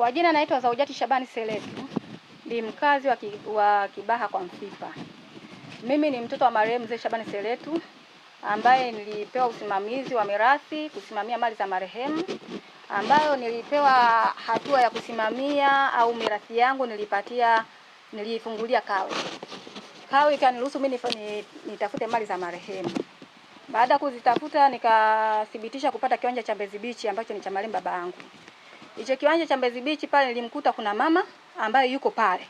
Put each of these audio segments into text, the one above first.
Kwa jina naitwa Zaujati Shabani Seletu, ni mkazi wa, ki, wa Kibaha kwa Mfipa. Mimi ni mtoto wa marehemu mzee Shabani Seletu ambaye nilipewa usimamizi wa mirathi, kusimamia mali za marehemu, ambayo nilipewa hatua ya kusimamia au mirathi yangu nilipatia, niliifungulia kawe kawe, ikaniruhusu mimi nitafute mali za marehemu. Baada ya kuzitafuta, nikathibitisha kupata kiwanja cha Mbezi Beach ambacho ni cha marehemu baba yangu. Hicho kiwanja cha Mbezi Beach pale nilimkuta kuna mama ambaye yuko pale.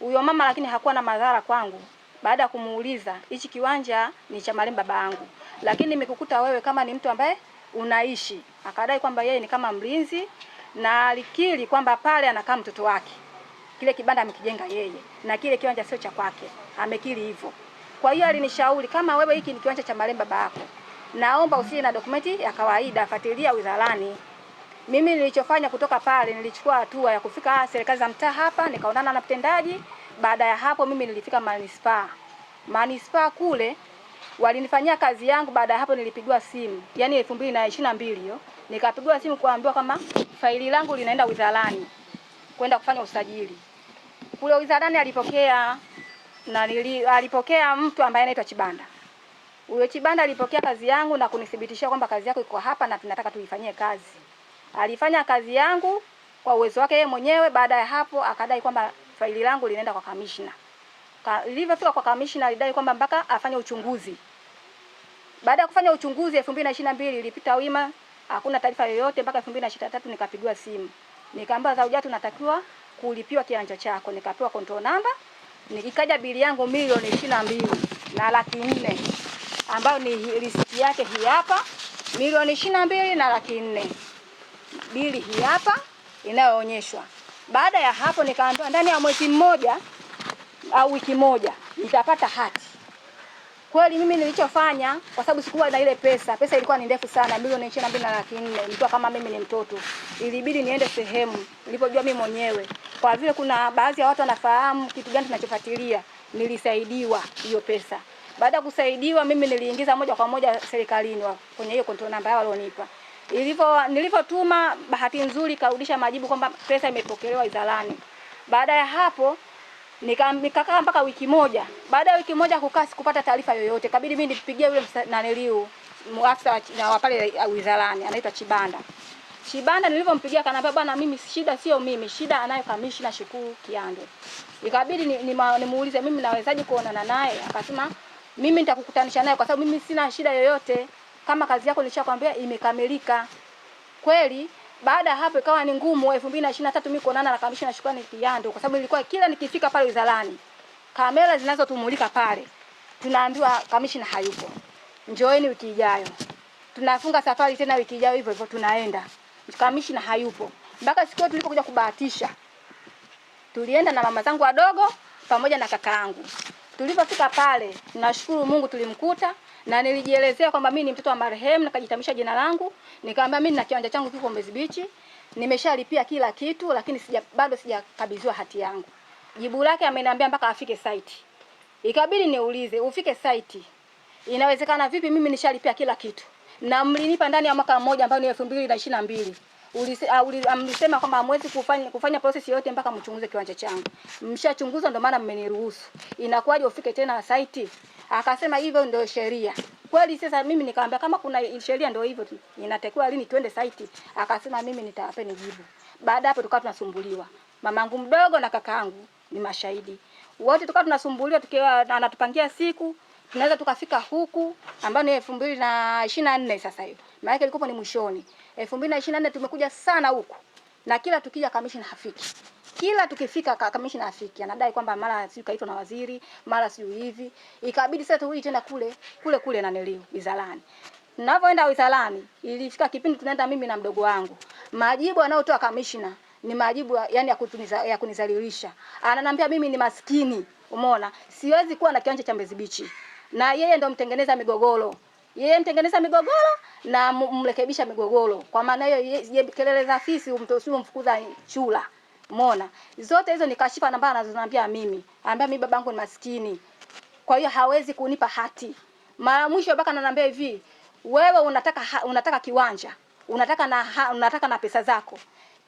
Huyo mama lakini hakuwa na madhara kwangu. Baada ya kumuuliza, hichi kiwanja ni cha marehemu baba yangu. Lakini nimekukuta wewe kama ni mtu ambaye unaishi. Akadai kwamba yeye ni kama mlinzi na alikiri kwamba pale anakaa mtoto wake. Kile kibanda amekijenga yeye na kile kiwanja sio cha kwake. Amekiri hivyo. Kwa hiyo alinishauri kama wewe hiki ni kiwanja cha marehemu baba yako, naomba usije na dokumenti ya kawaida, fuatilia wizarani. Mimi nilichofanya kutoka pale, nilichukua hatua ya kufika serikali za mtaa hapa, nikaonana na mtendaji. Baada ya hapo, mimi nilifika manispaa. Manispaa kule walinifanyia kazi yangu. Baada ya hapo, nilipigiwa simu, yaani elfu mbili na ishirini na mbili hiyo, nikapigiwa simu kuambiwa kama faili langu linaenda wizarani kwenda kufanya usajili kule wizarani. Alipokea na nili, alipokea mtu ambaye anaitwa Chibanda. Huyo Chibanda alipokea kazi yangu na kunithibitishia kwamba kazi yako iko hapa na tunataka tuifanyie kazi. Alifanya kazi yangu kwa uwezo wake yeye mwenyewe. Baada ya hapo, akadai kwamba faili langu linaenda kwa kamishna. Lilivyofika kwa kamishna, alidai kwamba mpaka afanye uchunguzi. Baada ya kufanya uchunguzi, 2022 ilipita wima, hakuna taarifa yoyote mpaka 2023 nikapigiwa simu, nikaambiwa Zaujati, natakiwa kulipiwa kianja chako. Nikapewa control namba, nikaja bili yangu milioni 22 na laki nne ambayo ni risiti yake hii hapa, milioni 22 na laki nne bili hii hapa inayoonyeshwa. Baada ya hapo, nikaambiwa ndani ya mwezi mmoja au wiki moja nitapata hati. Kweli mimi nilichofanya, kwa sababu sikuwa na ile pesa, pesa ilikuwa ni ndefu sana, milioni ishirini na mbili na laki nne. Nilikuwa kama mimi ni mtoto, ilibidi niende sehemu nilipojua mimi mwenyewe, kwa vile kuna baadhi ya watu wanafahamu kitu gani tunachofuatilia. Nilisaidiwa hiyo pesa. Baada ya kusaidiwa, mimi niliingiza moja kwa moja serikalini kwenye hiyo control namba yao walionipa. Ilivyo nilivyotuma, bahati nzuri karudisha majibu kwamba pesa imepokelewa wizarani. Baada ya hapo nikakaa mpaka wiki moja. Baada ya wiki moja kukaa sikupata taarifa yoyote, kabidi mimi nipigie yule naneliu afisa wa pale wizarani, anaitwa Chibanda. Chibanda nilivyompigia kanaambia, bwana, mimi shida sio mimi, shida anayo kamishna Shukuru Kiande. Ikabidi nimuulize ni, ni mimi nawezaje kuonana naye? Akasema mimi nitakukutanisha naye kwa sababu mimi sina shida yoyote kama kazi yako nilishakwambia imekamilika kweli. Baada ya hapo ikawa ni ngumu. 2023 mimi kuonana na kamishna na Shukrani Kiando, kwa sababu ilikuwa kila nikifika pale wizarani kamera zinazotumulika pale tunaambiwa kamishna hayupo, njoeni wiki ijayo. Tunafunga safari tena wiki ijayo, hivyo hivyo tunaenda, kamishna hayupo, mpaka siku tulipokuja kubahatisha, tulienda na mama zangu wadogo pamoja na kakaangu. Tulipofika pale, nashukuru Mungu tulimkuta na nilijielezea kwamba mimi ni mtoto wa marehemu, nikajitambulisha jina langu, nikamwambia mimi nina kiwanja changu kiko Mbezi Beach, nimeshalipia kila kitu, lakini sija bado sijakabidhiwa hati yangu. Jibu lake ameniambia mpaka afike site. Ikabidi niulize, ufike site inawezekana vipi? Mimi nishalipia kila kitu na mlinipa ndani ya mwaka mmoja ambao ni elfu mbili na ishirini na mbili. Ah, ah, mlisema kwamba hamwezi kufanya kufanya process yote mpaka mchunguze kiwanja changu. Mshachunguza, ndio maana mmeniruhusu. Inakuwaje ufike tena site? Akasema hivyo ndio sheria. Kweli sasa mimi nikamwambia kama kuna sheria ndio hivyo inatakiwa lini twende site. Akasema mimi nitawapeni jibu. Baada hapo tukawa tunasumbuliwa. Mamangu mdogo na kakaangu ni mashahidi. Wote tukawa tunasumbuliwa tukiwa anatupangia siku tunaweza tukafika huku ambayo ni elfu mbili na ishirini na nne sasa hiyo. Maana yake ilikuwa ni mwishoni. Elfu mbili na ishirini na nne tumekuja sana huku. Na kila tukija kamishna hafiki kila tukifika kamishna afiki anadai kwamba mara sijui kaitwa na waziri mara sijui hivi, ikabidi sasa turudi tena kule kule kule na naniliu wizarani. Ninapoenda wizarani, ilifika kipindi tunaenda mimi na mdogo wangu, majibu anayotoa kamishna ni majibu yani ya kutuniza, ya kunizalilisha. Ananiambia mimi ni maskini, umeona, siwezi kuwa na kiwanja cha Mbezi Beach, na yeye ndo mtengeneza migogoro yeye mtengeneza migogoro na mrekebisha migogoro. Kwa maana hiyo, kelele za fisi umtosio mfukuza chula. Umeona? Zote hizo nikashifa namba anazoniambia mimi. Anambia mimi babangu ni maskini. Kwa hiyo hawezi kunipa hati. Mara mwisho baka ananiambia hivi, wewe unataka ha, unataka kiwanja, unataka na ha, unataka na pesa zako.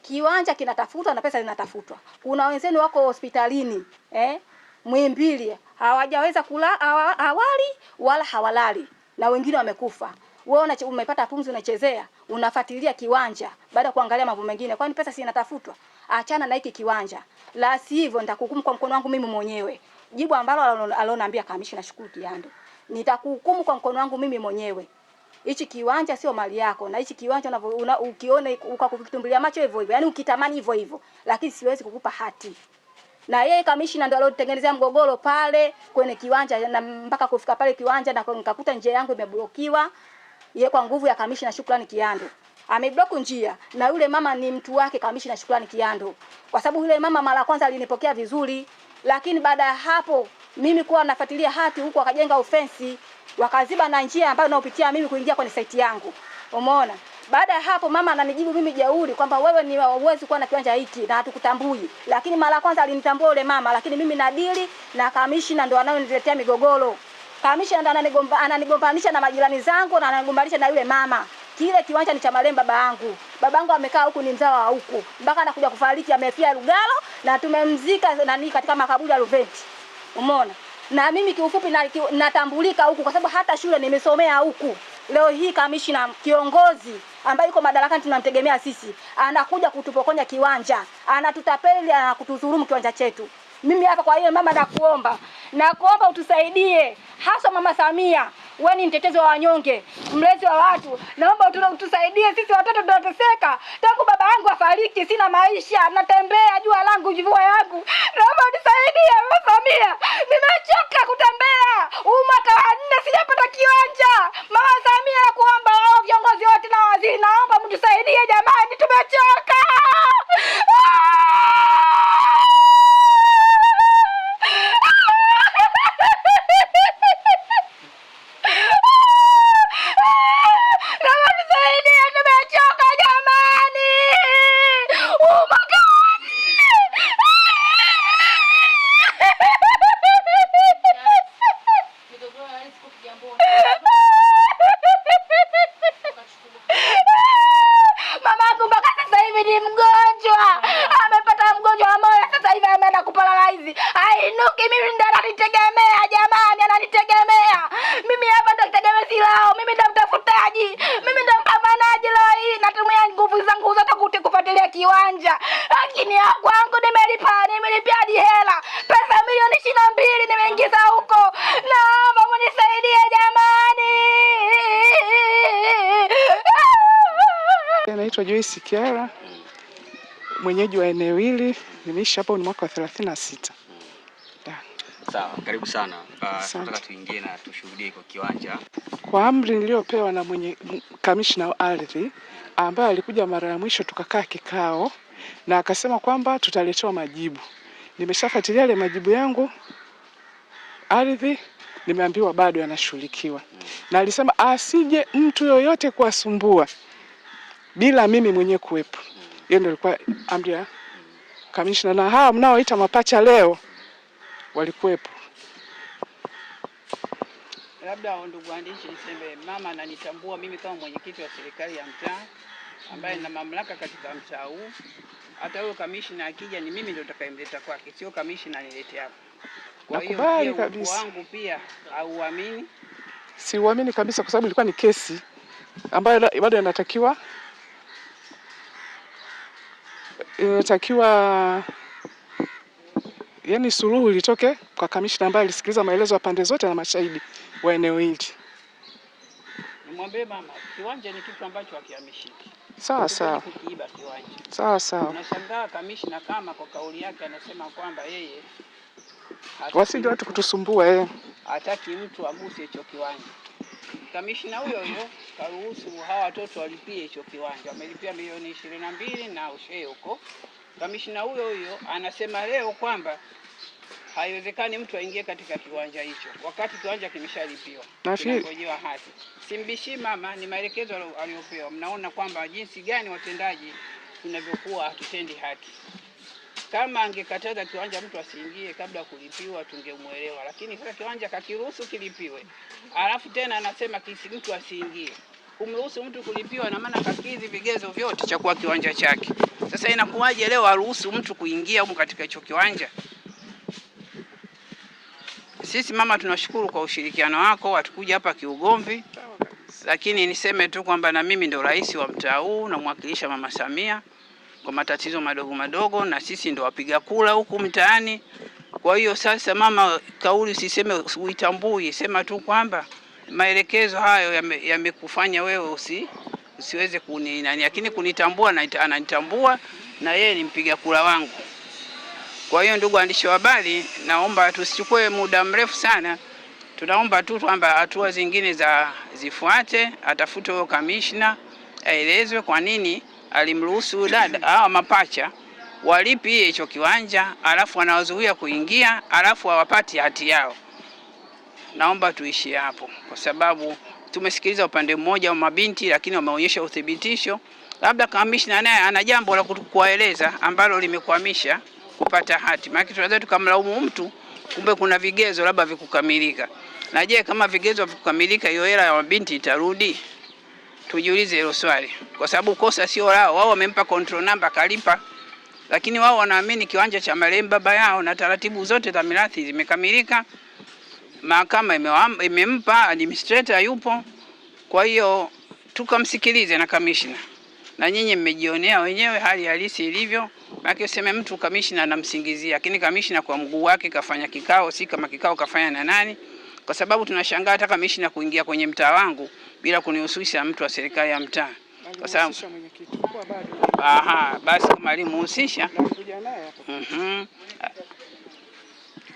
Kiwanja kinatafutwa na pesa zinatafutwa. Kuna wenzenu wako hospitalini, eh? Mwimbili hawajaweza kula awali wala hawalali na wengine wamekufa. Wewe umepata pumzi unachezea, unafuatilia kiwanja baada ya kuangalia mambo mengine. Kwani pesa si inatafutwa? achana na hiki kiwanja, la sivyo nitakuhukumu kwa mkono wangu mimi mwenyewe. Jibu ambalo aloniambia kamishna Shukuru Kiando, nitakuhukumu kwa mkono wangu mimi mwenyewe. Hichi kiwanja sio mali yako, na hichi kiwanja unavyoona ukiona ukakukitumbulia macho hivyo hivyo, yani ukitamani hivyo hivyo, lakini siwezi kukupa hati. Na yeye kamishna ndo alotengenezea mgogoro pale kwenye kiwanja na mpaka kufika pale kiwanja na nikakuta njia yangu imeblokiwa, yeye kwa nguvu ya kamishna Shukrani Kiando ameblock njia, na yule mama ni mtu wake Kamishna Shukrani Kiando, kwa sababu yule mama mara kwanza alinipokea vizuri, lakini baada ya hapo mimi kuwa nafuatilia hati huko, wakajenga ofensi wakaziba na njia ambayo naopitia mimi kuingia kwenye site yangu, umeona. Baada ya hapo mama ananijibu mimi jeuri kwamba wewe ni uwezi kuwa na kiwanja hiki na hatukutambui. Lakini mara kwanza alinitambua yule mama, lakini mimi nadili na kamishna ndo anayoniletea migogoro. Kamishna ndo ananigombanisha na majirani zangu na ananigombanisha na yule mama. Kile kiwanja ni cha marehemu baba yangu. Baba yangu amekaa huku, ni mzawa wa huku, mpaka anakuja kufariki amefia Lugalo na tumemzika nani katika makaburi ya Luventi. Umeona? Na mimi kiufupi na, ki, natambulika huku kwa sababu hata shule nimesomea huku. Leo hii kamishina kiongozi ambaye yuko madarakani tunamtegemea sisi, anakuja kutupokonya kiwanja, anatutapeli, kutudhulumu kiwanja chetu. Mimi hapa kwa hiyo mama, nakuomba nakuomba utusaidie, hasa mama Samia wewe ni mtetezi wa wanyonge, mlezi wa watu. Naomba utusaidie sisi watoto tunateseka. Tangu baba yangu afariki sina maisha, natembea jua langu jua yangu. Naomba unisaidie Mama Samia, nimechoka kutembea. Huu mwaka wa nne yake mimi ndo ananitegemea jamani, ananitegemea mimi hapa, ndo kitegemezi lao mimi, ndo mtafutaji mimi, ndo mpambanaji. Leo hii natumia nguvu zangu zote kuti kufuatilia kiwanja, lakini ya kwangu nimelipa, nimelipia di hela pesa milioni ishirini na mbili nimeingiza huko, naomba munisaidie jamani. Naitwa Joyce Kiara, mwenyeji wa eneo hili, nimeishi hapo ni mwaka wa 36. Sawa, karibu sana. Nataka uh, tuingie na tushuhudie kwa kiwanja. Kwa amri niliyopewa na mwenye kamishna wa ardhi ambaye alikuja mara ya mwisho tukakaa kikao na akasema kwamba tutaletewa majibu. Nimeshafuatilia yale majibu yangu ardhi, nimeambiwa bado yanashughulikiwa Na alisema asije mtu yoyote kuwasumbua bila mimi mwenyewe kuwepo. Hiyo ndio ilikuwa amri ya kamishna, na hawa mnaoita mapacha leo walikuwepo. Labda ndugu waandishi, niseme mama ananitambua mimi kama mwenyekiti wa serikali ya mtaa ambaye na mamlaka katika mtaa huu. Hata huyo kamishna akija, ni mimi ndio nitakayemleta kwake, sio kamishna anilete hapa. Kwa hiyo wangu pia auamini si uamini kabisa, kwa sababu ilikuwa ni kesi ambayo bado inatakiwa inatakiwa yani suluhu ilitoke kwa kamishna ambaye alisikiliza maelezo ya pande zote na mashahidi wa eneo hili. Nimwambie mama, kiwanja ni kitu ambacho hakihamishiki. Sawa sawa. Kiiba kiwanja. Sawa sawa. Nashangaa kamishna kama kwa kauli yake anasema kwamba yeye wasije watu kutusumbua eh. Hataki mtu aguse hicho kiwanja. Kamishna huyo huyo karuhusu hawa watoto walipie hicho kiwanja, wamelipia milioni 22 na mbili na ushee huko Kamishina huyo huyo anasema leo kwamba haiwezekani mtu aingie katika kiwanja hicho wakati kiwanja kimeshalipiwa, kinangojewa hati. Simbishi mama, ni maelekezo aliyopewa. Mnaona kwamba jinsi gani watendaji tunavyokuwa hatutendi haki. Kama angekataza kiwanja mtu asiingie kabla kulipiwa tungemwelewa, lakini sasa kiwanja kakiruhusu kilipiwe, alafu tena anasema kisi mtu asiingie. Kumruhusu mtu kulipiwa na maana kakizi vigezo vyote cha kuwa kiwanja chake. Sasa inakuwaje leo aruhusu mtu kuingia huko katika hicho kiwanja? Sisi mama, tunashukuru kwa ushirikiano wako, hatukuja hapa kiugomvi, lakini niseme tu kwamba na mimi ndo rais wa mtaa huu, namwakilisha mama Samia kwa matatizo madogo madogo, na sisi ndo wapiga kula huku mtaani. Kwa hiyo sasa, mama, kauli usiseme uitambui, sema tu kwamba maelekezo hayo yamekufanya yame wewe usi usiweze kuni nani, lakini kunitambua na ananitambua na yeye ni mpiga kura wangu. Kwa hiyo ndugu waandishi wa habari, naomba tusichukue muda mrefu sana, tunaomba tu kwamba hatua zingine za zifuate, atafute huyo kamishna aelezwe kwa nini alimruhusu dada hawa mapacha walipi hicho kiwanja alafu anawazuia kuingia alafu hawapati hati yao. Naomba tuishie hapo kwa sababu tumesikiliza upande mmoja wa mabinti, lakini wameonyesha uthibitisho. Labda kamishna naye ana jambo la kuwaeleza ambalo limekwamisha kupata hati, maana tunaweza tukamlaumu mtu, kumbe kuna vigezo labda vikukamilika. Na je, kama vigezo vikukamilika, hiyo hela ya mabinti itarudi? Tujiulize hilo swali, kwa sababu kosa sio lao. Wao wamempa control number kalipa, lakini wao wanaamini kiwanja cha marehemu baba yao na taratibu zote za mirathi zimekamilika mahakama imempa administrator yupo, kwa hiyo tukamsikilize na kamishna, na nyinyi mmejionea wenyewe hali halisi ilivyo. Maana useme mtu kamishna anamsingizia, lakini kamishna kwa mguu wake kafanya kikao, si kama kikao kafanya na nani, kwa sababu tunashangaa hata kamishna kuingia kwenye mtaa wangu bila kunihusisha mtu wa serikali ya mtaa, kwa sababu aha, basi kama alimuhusisha,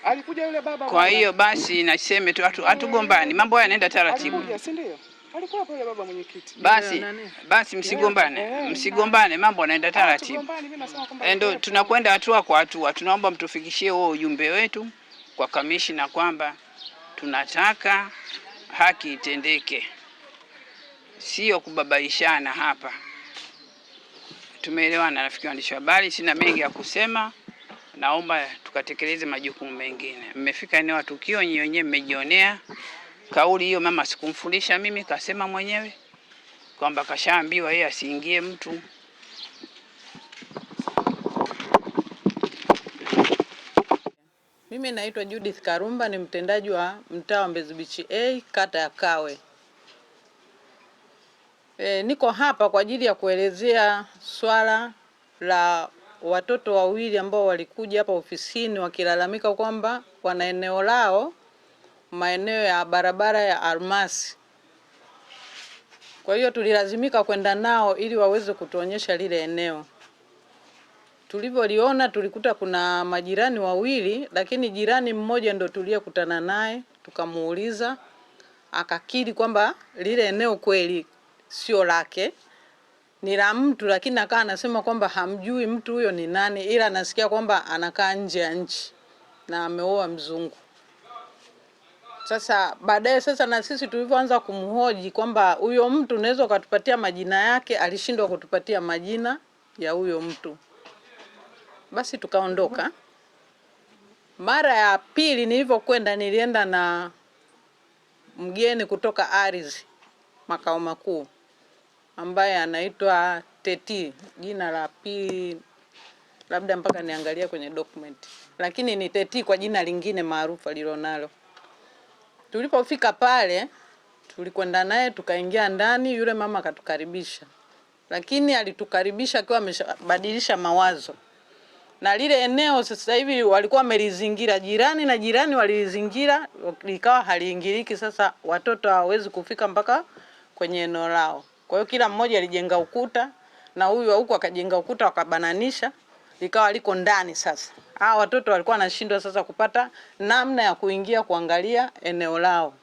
Alikuja yule baba. Kwa hiyo basi naseme tu hatugombani, mambo haya yanaenda taratibu. Basi basi, msigombane, msigombane, mambo yanaenda taratibu. Ndio tunakwenda hatua kwa hatua. Tunaomba mtufikishie huo ujumbe wetu kwa kamishina kwamba tunataka haki itendeke, sio kubabaishana hapa. Tumeelewana, rafiki waandishi wa habari, sina mengi ya kusema naomba tukatekeleze majukumu mengine. Mmefika eneo la tukio, nyinyi wenyewe mmejionea. Kauli hiyo mama sikumfundisha mimi, kasema mwenyewe kwamba kashaambiwa yeye asiingie mtu Mimi naitwa Judith Karumba ni mtendaji wa mtaa wa Mbezi Beach A kata ya Kawe. E, niko hapa kwa ajili ya kuelezea swala la watoto wawili ambao walikuja hapa ofisini wakilalamika kwamba wana eneo lao maeneo ya barabara ya Almasi. Kwa hiyo tulilazimika kwenda nao ili waweze kutuonyesha lile eneo. Tulivyoliona tulikuta kuna majirani wawili, lakini jirani mmoja ndo tuliyekutana naye, tukamuuliza akakiri kwamba lile eneo kweli sio lake ni la mtu, lakini akaa anasema kwamba hamjui mtu huyo ni nani, ila anasikia kwamba anakaa nje ya nchi na ameoa mzungu. Sasa baadaye, sasa na sisi tulivyoanza kumhoji kwamba huyo mtu unaweza ukatupatia majina yake, alishindwa kutupatia majina ya huyo mtu, basi tukaondoka. Mara ya pili nilivyokwenda, nilienda na mgeni kutoka Arizi makao makuu ambaye anaitwa Teti, jina la pili labda mpaka niangalia kwenye document, lakini ni Teti kwa jina lingine maarufu alilonalo. Tulipofika pale, tulikwenda naye tukaingia ndani, yule mama akatukaribisha, lakini alitukaribisha akiwa amebadilisha mawazo na lile eneo sasa hivi walikuwa wamelizingira jirani na jirani walilizingira, likawa haliingiliki. Sasa watoto hawawezi kufika mpaka kwenye eneo lao. Kwa hiyo kila mmoja alijenga ukuta na huyu wa huko akajenga ukuta wakabananisha, likawa liko ndani sasa. Hawa watoto walikuwa wanashindwa sasa kupata namna ya kuingia kuangalia eneo lao.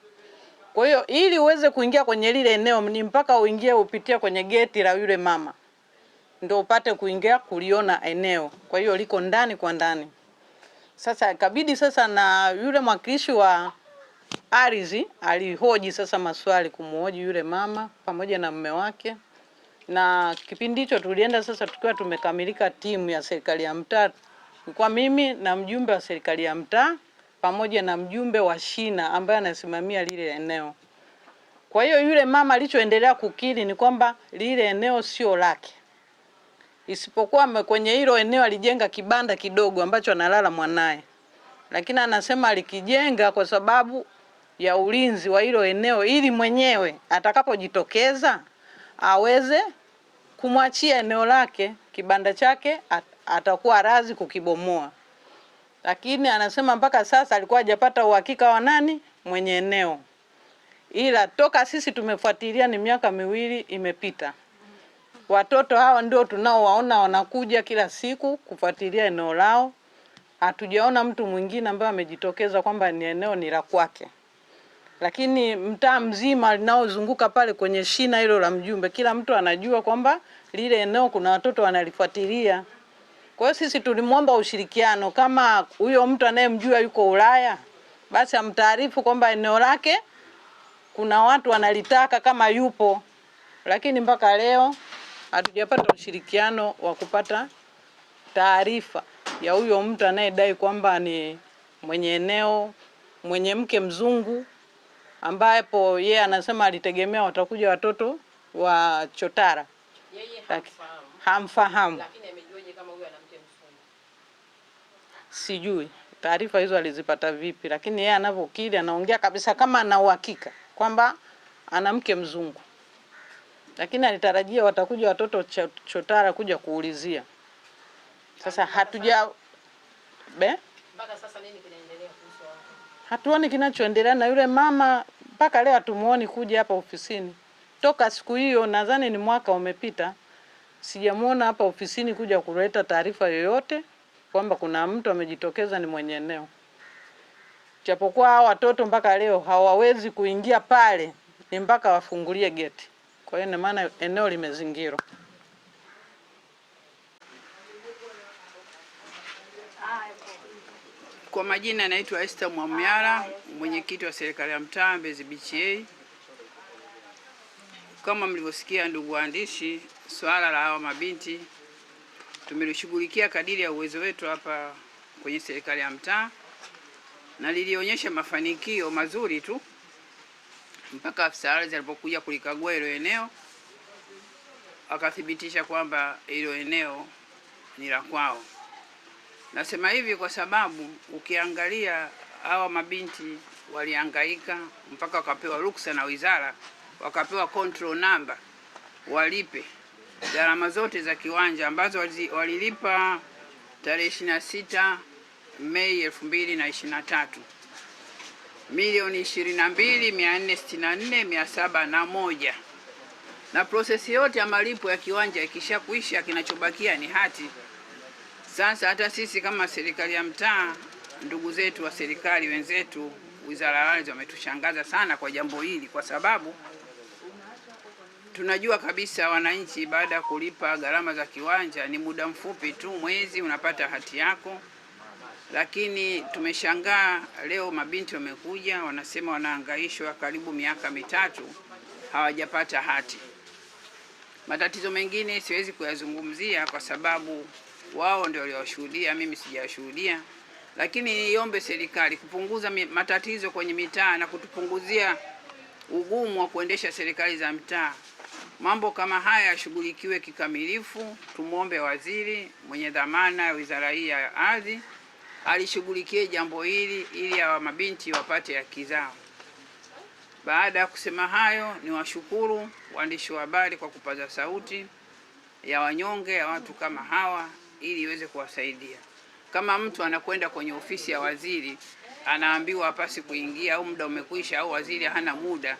Kwa hiyo ili uweze kuingia kwenye lile eneo ni mpaka uingie upitie kwenye geti la yule mama ndio upate kuingia kuliona eneo. Kwa hiyo liko ndani kwa ndani. Sasa kabidi sasa na yule mwakilishi wa Arizi alihoji sasa maswali kumhoji yule mama pamoja na mume wake, na kipindi hicho tulienda sasa tukiwa tumekamilika timu ya serikali ya mtaa, kwa mimi na mjumbe wa serikali ya mtaa pamoja na mjumbe wa shina ambaye anasimamia lile eneo. Kwa hiyo yule mama alichoendelea kukiri ni kwamba lile eneo sio lake, isipokuwa kwenye hilo eneo alijenga kibanda kidogo ambacho analala mwanaye, lakini anasema alikijenga kwa sababu ya ulinzi wa hilo eneo ili mwenyewe atakapojitokeza aweze kumwachia eneo lake kibanda chake atakuwa razi kukibomoa. Lakini anasema mpaka sasa alikuwa hajapata uhakika wa nani mwenye eneo, ila toka sisi tumefuatilia ni miaka miwili imepita. Watoto hawa ndio tunaowaona wanakuja kila siku kufuatilia eneo lao, hatujaona mtu mwingine ambaye amejitokeza kwamba ni eneo ni la kwake lakini mtaa mzima linaozunguka pale kwenye shina hilo la Mjumbe, kila mtu anajua kwamba lile eneo kuna watoto wanalifuatilia. Kwa hiyo sisi tulimwomba ushirikiano, kama huyo mtu anayemjua yuko Ulaya, basi amtaarifu kwamba eneo lake kuna watu wanalitaka kama yupo, lakini mpaka leo hatujapata ushirikiano wa kupata taarifa ya huyo mtu anayedai kwamba ni mwenye eneo, mwenye mke mzungu ambapo yeye anasema alitegemea watakuja watoto wa chotara Yeye hamfahamu sijui taarifa hizo alizipata vipi, lakini yeye anavyokili, anaongea kabisa kama ana uhakika kwamba ana mke mzungu, lakini alitarajia watakuja watoto chotara kuja kuulizia. Sasa hatuja be, mpaka sasa nini kinaendelea kuhusu, hatuoni kinachoendelea na yule mama mpaka leo hatumuoni kuja hapa ofisini. Toka siku hiyo nadhani ni mwaka umepita, sijamuona hapa ofisini kuja kuleta taarifa yoyote kwamba kuna mtu amejitokeza ni mwenye eneo. Japokuwa hao watoto mpaka leo hawawezi kuingia pale, ni mpaka wafungulie geti. Kwa hiyo ina maana eneo limezingirwa. Kwa majina naitwa Esther Mwamyara, mwenyekiti wa serikali ya mtaa Mbezi BCA. Kama mlivyosikia ndugu waandishi, swala la hawa mabinti tumelishughulikia kadiri ya uwezo wetu hapa kwenye serikali ya mtaa na lilionyesha mafanikio mazuri tu mpaka afisa ardhi alipokuja kulikagua hilo eneo akathibitisha kwamba hilo eneo ni la kwao. Nasema hivi kwa sababu ukiangalia hawa mabinti walihangaika mpaka wakapewa ruksa na wizara, wakapewa control number walipe gharama zote za kiwanja ambazo walilipa tarehe 26 Mei 2023 milioni 22,464,701 na prosesi yote ya malipo ya kiwanja ikishakuisha, kinachobakia ni hati sasa hata sisi kama serikali ya mtaa, ndugu zetu wa serikali wenzetu Wizara ya Ardhi wametushangaza sana kwa jambo hili, kwa sababu tunajua kabisa wananchi baada ya kulipa gharama za kiwanja ni muda mfupi tu, mwezi unapata hati yako, lakini tumeshangaa leo mabinti wamekuja wanasema wanahangaishwa karibu miaka mitatu hawajapata hati. Matatizo mengine siwezi kuyazungumzia kwa sababu wao ndio walioshuhudia, mimi sijashuhudia. Lakini niombe serikali kupunguza matatizo kwenye mitaa na kutupunguzia ugumu wa kuendesha serikali za mtaa. Mambo kama haya yashughulikiwe kikamilifu. Tumwombe waziri mwenye dhamana ya wizara hii ya ardhi alishughulikie jambo hili ili hawa mabinti wapate haki zao. Baada ya kusema hayo, ni washukuru waandishi wa habari kwa kupaza sauti ya wanyonge ya watu kama hawa ili iweze kuwasaidia. Kama mtu anakwenda kwenye ofisi ya waziri anaambiwa hapasi kuingia au muda umekwisha au waziri hana muda.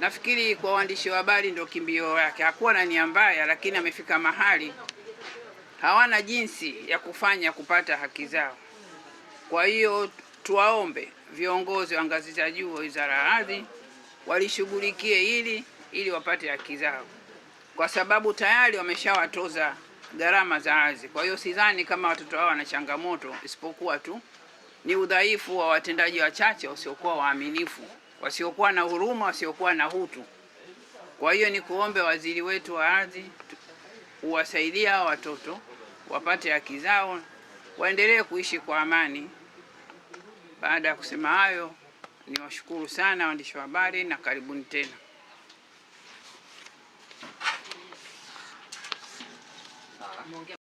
Nafikiri kwa waandishi wa habari ndio kimbio yake. Hakuwa na nia mbaya, lakini amefika mahali hawana jinsi ya kufanya kupata haki zao. Kwa hiyo tuwaombe viongozi wa ngazi za juu wa Wizara ya Ardhi walishughulikie hili ili wapate haki zao, kwa sababu tayari wameshawatoza gharama za azi. Kwa hiyo sidhani kama watoto hao wana changamoto, isipokuwa tu ni udhaifu wa watendaji wachache wasiokuwa waaminifu, wasiokuwa na huruma, wasiokuwa na hutu. Kwa hiyo ni kuombe waziri wetu wa ardhi uwasaidie hao watoto wapate haki zao, waendelee kuishi kwa amani. Baada ya kusema hayo, niwashukuru sana waandishi wa habari na karibuni tena. more, get